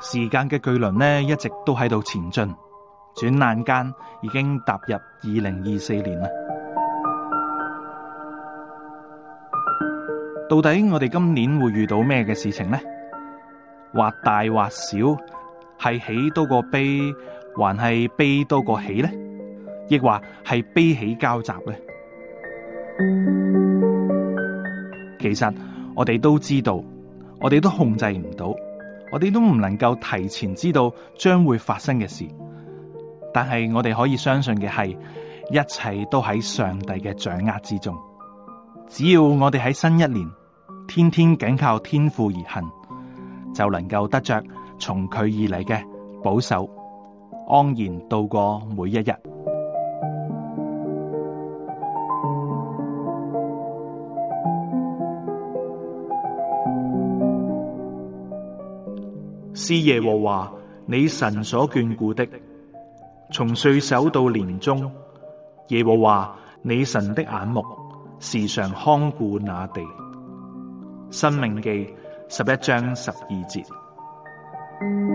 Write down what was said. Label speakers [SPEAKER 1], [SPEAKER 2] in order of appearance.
[SPEAKER 1] 時間嘅巨輪呢，一直都喺度前進，轉眼間已經踏入二零二四年啦。到底我哋今年會遇到咩嘅事情呢？或大或小，係喜多過悲，還係悲多過喜呢？亦或係悲喜交集咧？其實我哋都知道，我哋都控制唔到。我哋都唔能夠提前知道將會發生嘅事，但係我哋可以相信嘅係，一切都喺上帝嘅掌握之中。只要我哋喺新一年天天緊靠天父而行，就能夠得着從佢而嚟嘅保守，安然度過每一日。是耶和華你神所眷顧的，從歲首到年終，耶和華你神的眼目時常看顧那地。申命記十一章十二節。